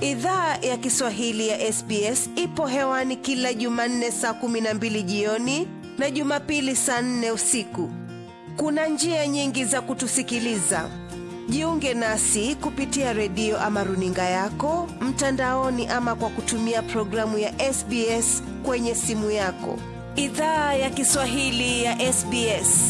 Idhaa ya Kiswahili ya SBS ipo hewani kila Jumanne saa kumi na mbili jioni na Jumapili saa nne usiku. Kuna njia nyingi za kutusikiliza. Jiunge nasi kupitia redio ama runinga yako mtandaoni, ama kwa kutumia programu ya SBS kwenye simu yako. Idhaa ya Kiswahili ya SBS.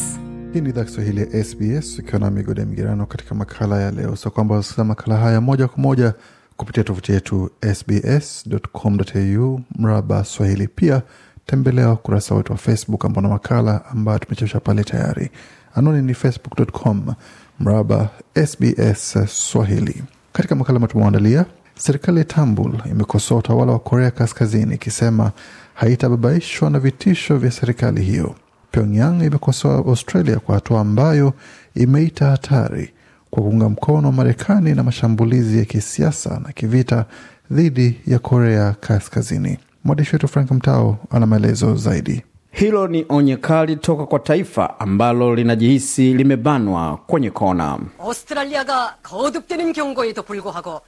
Hii ni idhaa Kiswahili ya SBS ukiwa na migode migerano katika makala ya leo, so kwamba sasa makala haya moja kwa moja kupitia tovuti yetu sbs.com.au mraba Swahili. Pia tembelea ukurasa wetu wa Facebook ambao na makala ambayo tumechesha pale tayari. anoni ni facebook.com mraba SBS Swahili. Katika makala ambayo tumeandalia serikali ya tambul imekosoa utawala wa Korea Kaskazini ikisema haitababaishwa na vitisho vya serikali hiyo. Pyongyang imekosoa Australia kwa hatua ambayo imeita hatari kwa kuunga mkono Marekani na mashambulizi ya kisiasa na kivita dhidi ya Korea Kaskazini. Mwandishi wetu Frank Mtao ana maelezo zaidi. Hilo ni onye kali toka kwa taifa ambalo linajihisi limebanwa kwenye kona.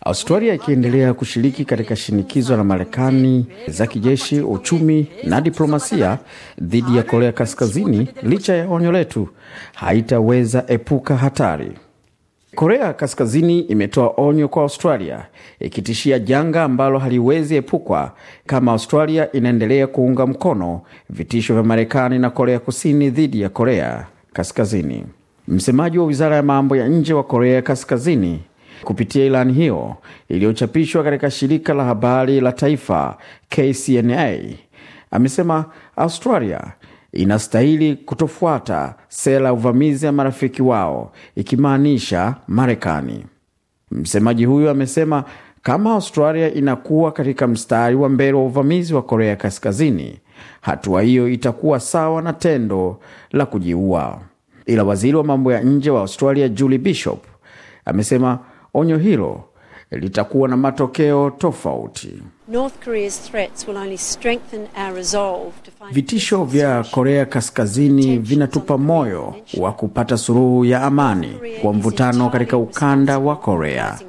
Australia ikiendelea kushiriki katika shinikizo la Marekani za kijeshi, uchumi na diplomasia dhidi ya Korea Kaskazini, licha ya onyo letu, haitaweza epuka hatari. Korea Kaskazini imetoa onyo kwa Australia ikitishia janga ambalo haliwezi epukwa kama Australia inaendelea kuunga mkono vitisho vya Marekani na Korea Kusini dhidi ya Korea Kaskazini. Msemaji wa wizara ya mambo ya nje wa Korea Kaskazini kupitia ilani hiyo iliyochapishwa katika shirika la habari la taifa KCNA amesema Australia inastahili kutofuata sera ya uvamizi ya marafiki wao, ikimaanisha Marekani. Msemaji huyu amesema kama Australia inakuwa katika mstari wa mbele wa uvamizi wa Korea Kaskazini, hatua hiyo itakuwa sawa na tendo la kujiua. Ila waziri wa mambo ya nje wa Australia Julie Bishop amesema onyo hilo litakuwa na matokeo tofauti. North Korea's threats will only strengthen our resolve to find... Vitisho vya Korea Kaskazini vinatupa moyo wa kupata suruhu ya amani kwa mvutano katika ukanda wa Korea.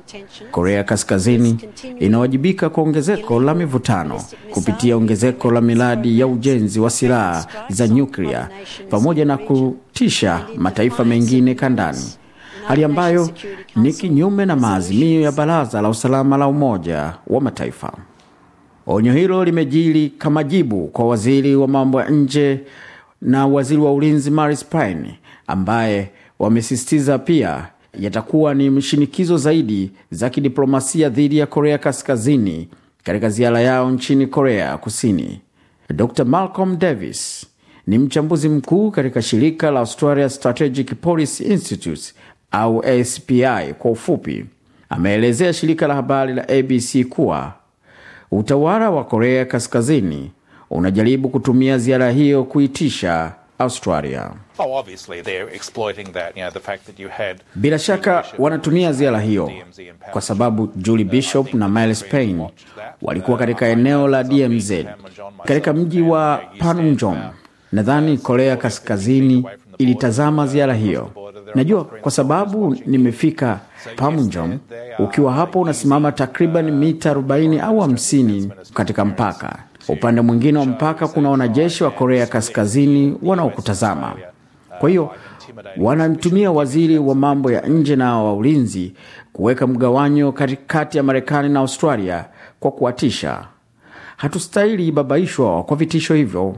Korea Kaskazini inawajibika kwa ongezeko la mivutano kupitia ongezeko la miradi ya ujenzi wa silaha za nyuklia pamoja na kutisha mataifa mengine kandani hali ambayo ni kinyume na maazimio ya Baraza la Usalama la Umoja wa Mataifa. Onyo hilo limejiri kama jibu kwa waziri wa mambo ya nje na waziri wa ulinzi Maris Payne ambaye wamesisitiza pia yatakuwa ni mshinikizo zaidi za kidiplomasia dhidi ya Korea Kaskazini katika ziara yao nchini Korea Kusini. Dr. Malcolm Davis ni mchambuzi mkuu katika shirika la Australia Strategic Policy Institute au SPI kwa ufupi, ameelezea shirika la habari la ABC kuwa utawala wa Korea Kaskazini unajaribu kutumia ziara hiyo kuitisha Australia. Oh, that, you know, the fact that you had... bila shaka wanatumia ziara hiyo kwa sababu Julie uh, Bishop na Miles Payne walikuwa uh, katika eneo la DMZ katika mji wa Panmunjom. Uh, Nadhani Korea Kaskazini ilitazama ziara hiyo Najua kwa sababu nimefika Pamunjom. Ukiwa hapo unasimama takriban uh, mita 40 au 50 katika mpaka. Upande mwingine wa mpaka kuna wanajeshi wa Korea Kaskazini wanaokutazama. Uh, kwa hiyo wanamtumia waziri wa mambo ya nje na wa ulinzi kuweka mgawanyo katikati ya Marekani na Australia kwa kuwatisha. Hatustahili babaishwa kwa vitisho hivyo.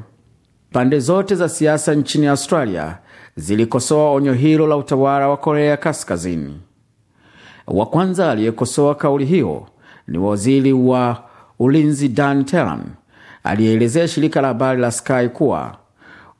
Pande zote za siasa nchini Australia zilikosoa onyo hilo la utawala wa Korea Kaskazini. Wa kwanza aliyekosoa kauli hiyo ni waziri wa ulinzi Dan Telan aliyeelezea shirika la habari la Sky kuwa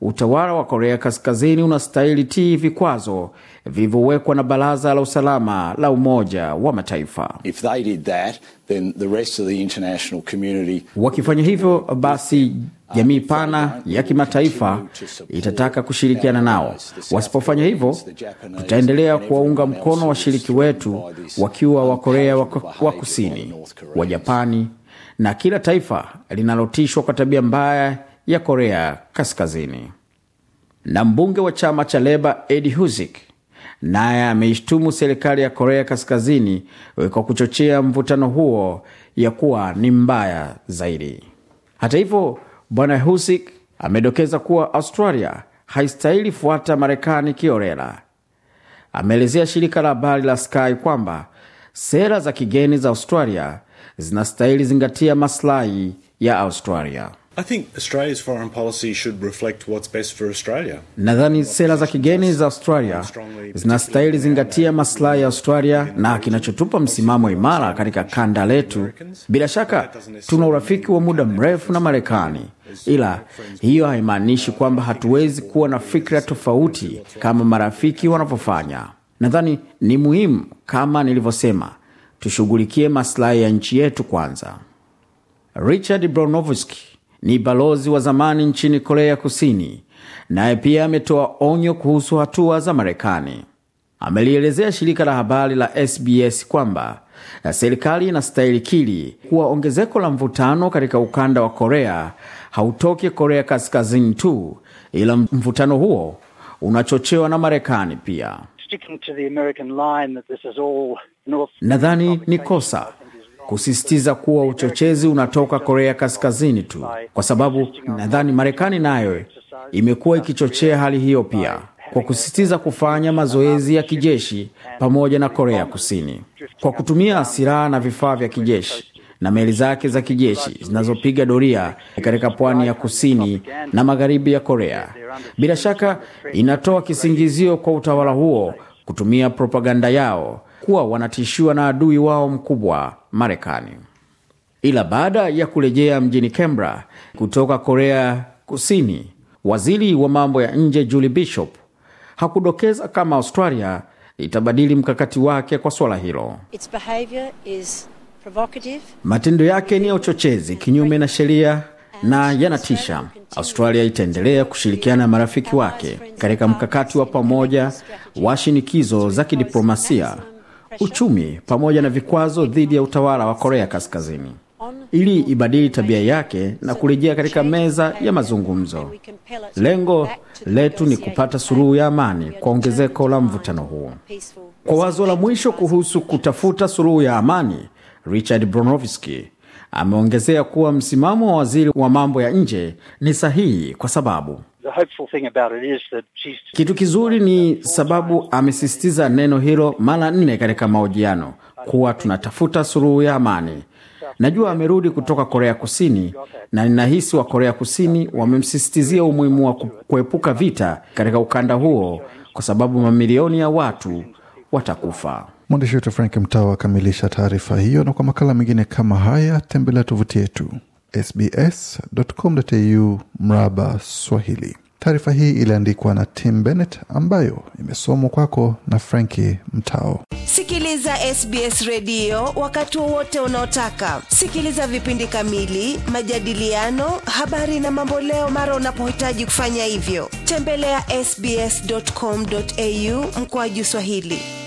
utawala wa Korea Kaskazini unastahili ti vikwazo vilivyowekwa na Baraza la Usalama la Umoja wa Mataifa. If they did that, then the rest of the international community... wakifanya hivyo basi jamii pana ya kimataifa itataka kushirikiana nao. Wasipofanya hivyo, tutaendelea kuwaunga mkono washiriki wetu wakiwa wa Korea wa Kusini, wa Japani na kila taifa linalotishwa kwa tabia mbaya ya Korea Kaskazini. Na mbunge wa chama cha Leba Edi Huzik naye ameishtumu serikali ya Korea Kaskazini kwa kuchochea mvutano huo ya kuwa ni mbaya zaidi. Hata hivyo, bwana Husik amedokeza kuwa Australia haistahili fuata Marekani kiorela. Ameelezea shirika la habari la Sky kwamba sera za kigeni za Australia zinastahili zingatia maslahi ya Australia. I think Australia's foreign policy should reflect what's best for Australia. Nadhani sera za kigeni za Australia zinastahili zingatia maslahi ya Australia na kinachotupa msimamo imara katika kanda letu. Bila shaka tuna urafiki wa muda mrefu na Marekani, ila hiyo haimaanishi kwamba hatuwezi kuwa na fikra tofauti kama marafiki wanavyofanya. Nadhani ni muhimu, kama nilivyosema, tushughulikie maslahi ya nchi yetu kwanza. Richard Bronovski ni balozi wa zamani nchini Korea Kusini, naye pia ametoa onyo kuhusu hatua za Marekani. Amelielezea shirika la habari la SBS kwamba na serikali inastahili kili kuwa ongezeko la mvutano katika ukanda wa Korea hautoki Korea Kaskazini tu, ila mvutano huo unachochewa na Marekani pia. Nadhani ni kosa kusisitiza kuwa uchochezi unatoka Korea Kaskazini tu, kwa sababu nadhani Marekani nayo imekuwa ikichochea hali hiyo pia kwa kusisitiza kufanya mazoezi ya kijeshi pamoja na Korea Kusini kwa kutumia silaha na vifaa vya kijeshi na meli zake za kijeshi zinazopiga doria katika pwani ya kusini na magharibi ya Korea. Bila shaka inatoa kisingizio kwa utawala huo kutumia propaganda yao kuwa wanatishiwa na adui wao mkubwa Marekani. Ila baada ya kurejea mjini Canberra kutoka Korea Kusini, waziri wa mambo ya nje Julie Bishop hakudokeza kama Australia itabadili mkakati wake kwa swala hilo. Matendo yake ni ya uchochezi, kinyume na sheria na yanatisha. Australia itaendelea kushirikiana na marafiki wake katika mkakati wa pamoja wa shinikizo za kidiplomasia uchumi pamoja na vikwazo dhidi ya utawala wa Korea Kaskazini ili ibadili tabia yake na kurejea katika meza ya mazungumzo. Lengo letu ni kupata suluhu ya amani kwa ongezeko la mvutano huo. Kwa wazo la mwisho kuhusu kutafuta suluhu ya amani, Richard Bronovski ameongezea kuwa msimamo wa waziri wa mambo ya nje ni sahihi kwa sababu kitu kizuri ni uh, sababu amesisitiza neno hilo mara nne katika mahojiano kuwa tunatafuta suruhu ya amani. Najua amerudi kutoka Korea Kusini na ninahisi wa Korea Kusini wamemsisitizia umuhimu wa kuepuka vita katika ukanda huo kwa sababu mamilioni ya watu watakufa. Mwandishi wetu Frank Mtawa akamilisha taarifa hiyo, na kwa makala mengine kama haya tembelea tovuti yetu sbs.com.au mraba Swahili. Taarifa hii iliandikwa na Tim Bennett ambayo imesomwa kwako na Franki Mtao. Sikiliza SBS redio wakati wowote unaotaka. Sikiliza vipindi kamili, majadiliano, habari na mamboleo mara unapohitaji kufanya hivyo. Tembelea ya sbs.com.au mkoaju Swahili.